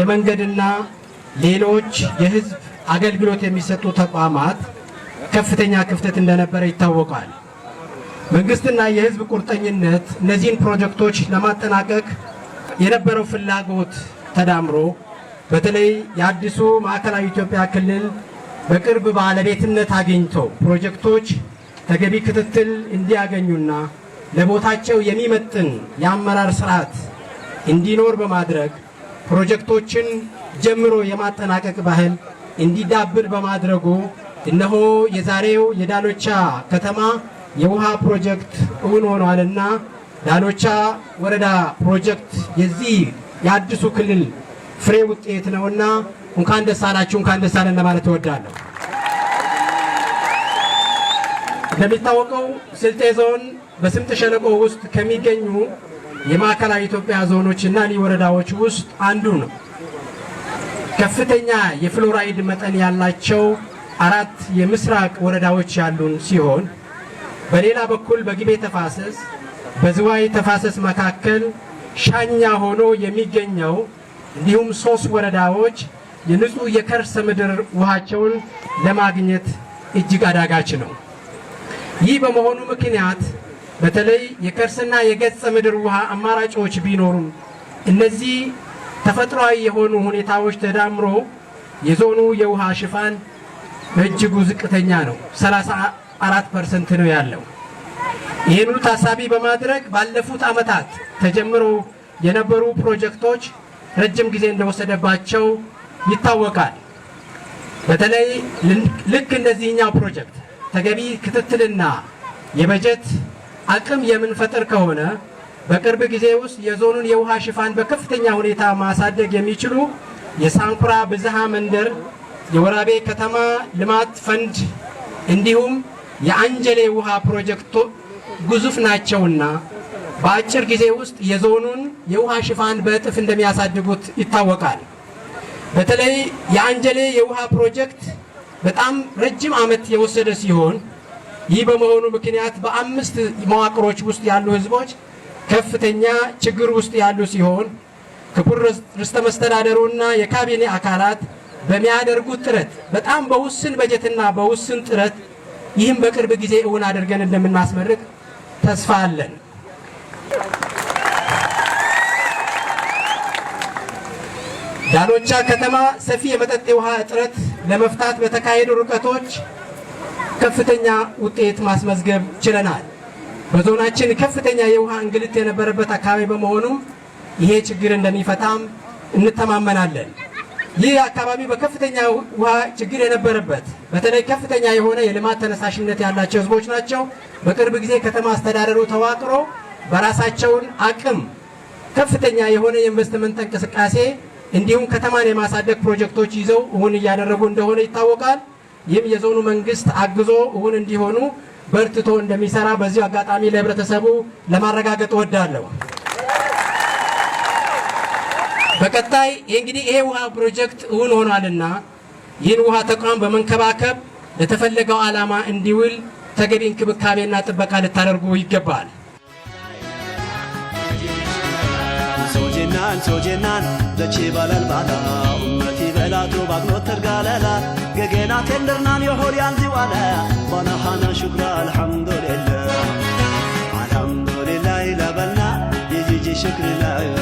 የመንገድና ሌሎች የህዝብ አገልግሎት የሚሰጡ ተቋማት ከፍተኛ ክፍተት እንደነበረ ይታወቃል። መንግስትና የህዝብ ቁርጠኝነት እነዚህን ፕሮጀክቶች ለማጠናቀቅ የነበረው ፍላጎት ተዳምሮ በተለይ የአዲሱ ማዕከላዊ ኢትዮጵያ ክልል በቅርብ ባለቤትነት አግኝቶ ፕሮጀክቶች ተገቢ ክትትል እንዲያገኙና ለቦታቸው የሚመጥን የአመራር ስርዓት እንዲኖር በማድረግ ፕሮጀክቶችን ጀምሮ የማጠናቀቅ ባህል እንዲዳብር በማድረጉ እነሆ የዛሬው የዳሎቻ ከተማ የውሃ ፕሮጀክት እውን ሆኗልና ዳሎቻ ወረዳ ፕሮጀክት የዚህ የአዲሱ ክልል ፍሬ ውጤት ነውና እንኳን ደስ አላችሁ፣ እንኳን ደስ አለን ለማለት እወዳለሁ። እንደሚታወቀው ስልጤ ዞን በስምጥ ሸለቆ ውስጥ ከሚገኙ የማዕከላዊ ኢትዮጵያ ዞኖች እና ወረዳዎች ውስጥ አንዱ ነው። ከፍተኛ የፍሎራይድ መጠን ያላቸው አራት የምስራቅ ወረዳዎች ያሉን ሲሆን በሌላ በኩል በግቤ ተፋሰስ በዝዋይ ተፋሰስ መካከል ሻኛ ሆኖ የሚገኘው እንዲሁም ሶስት ወረዳዎች የንጹህ የከርሰ ምድር ውሃቸውን ለማግኘት እጅግ አዳጋች ነው። ይህ በመሆኑ ምክንያት በተለይ የከርስና የገጸ ምድር ውሃ አማራጮች ቢኖሩ እነዚህ ተፈጥሯዊ የሆኑ ሁኔታዎች ተዳምሮ የዞኑ የውሃ ሽፋን በእጅጉ ዝቅተኛ ነው፣ 34 ፐርሰንት ነው ያለው። ይህኑ ታሳቢ በማድረግ ባለፉት ዓመታት ተጀምሮ የነበሩ ፕሮጀክቶች ረጅም ጊዜ እንደወሰደባቸው ይታወቃል። በተለይ ልክ እንደዚህኛው ፕሮጀክት ተገቢ ክትትልና የበጀት አቅም የምንፈጥር ከሆነ በቅርብ ጊዜ ውስጥ የዞኑን የውሃ ሽፋን በከፍተኛ ሁኔታ ማሳደግ የሚችሉ የሳንኩራ ብዝሃ መንደር የወራቤ ከተማ ልማት ፈንድ እንዲሁም የአንጀሌ ውሃ ፕሮጀክቶ ግዙፍ ናቸውና በአጭር ጊዜ ውስጥ የዞኑን የውሃ ሽፋን በእጥፍ እንደሚያሳድጉት ይታወቃል። በተለይ የአንጀሌ የውሃ ፕሮጀክት በጣም ረጅም ዓመት የወሰደ ሲሆን ይህ በመሆኑ ምክንያት በአምስት መዋቅሮች ውስጥ ያሉ ህዝቦች ከፍተኛ ችግር ውስጥ ያሉ ሲሆን ክቡር ርዕሰ መስተዳደሩና የካቢኔ አካላት በሚያደርጉት ጥረት በጣም በውስን በጀትና በውስን ጥረት ይህም በቅርብ ጊዜ እውን አድርገን እንደምናስመርቅ ተስፋ አለን። ዳሎቻ ከተማ ሰፊ የመጠጥ የውሃ እጥረት ለመፍታት በተካሄዱ ርቀቶች ከፍተኛ ውጤት ማስመዝገብ ችለናል። በዞናችን ከፍተኛ የውሃ እንግልት የነበረበት አካባቢ በመሆኑ ይሄ ችግር እንደሚፈታም እንተማመናለን። ይህ አካባቢ በከፍተኛ ውሃ ችግር የነበረበት በተለይ ከፍተኛ የሆነ የልማት ተነሳሽነት ያላቸው ህዝቦች ናቸው። በቅርብ ጊዜ ከተማ አስተዳደሩ ተዋቅሮ በራሳቸውን አቅም ከፍተኛ የሆነ የኢንቨስትመንት እንቅስቃሴ እንዲሁም ከተማን የማሳደግ ፕሮጀክቶች ይዘው እውን እያደረጉ እንደሆነ ይታወቃል። ይህም የዞኑ መንግስት አግዞ እውን እንዲሆኑ በርትቶ እንደሚሰራ በዚሁ አጋጣሚ ለህብረተሰቡ ለማረጋገጥ እወዳለሁ። በቀጣይ እንግዲህ ይሄ ውሃ ፕሮጀክት እውን ሆኗልና ይህን ውሃ ተቋም በመንከባከብ ለተፈለገው ዓላማ እንዲውል ተገቢ እንክብካቤና ጥበቃ ልታደርጉ ይገባል። ሶጄናን ሶጄናን ለቺበለል ባዳ ኡመቲ በላቱ ባግኖት ተርጋለላ ገገና ቴንደርናን የሆድ ያንዚዋነ ባናሃና ሹክራ አልሐምዱሊላ አልሐምዱሊላ ይለበልና የጂጂ ሽክሪ ላይ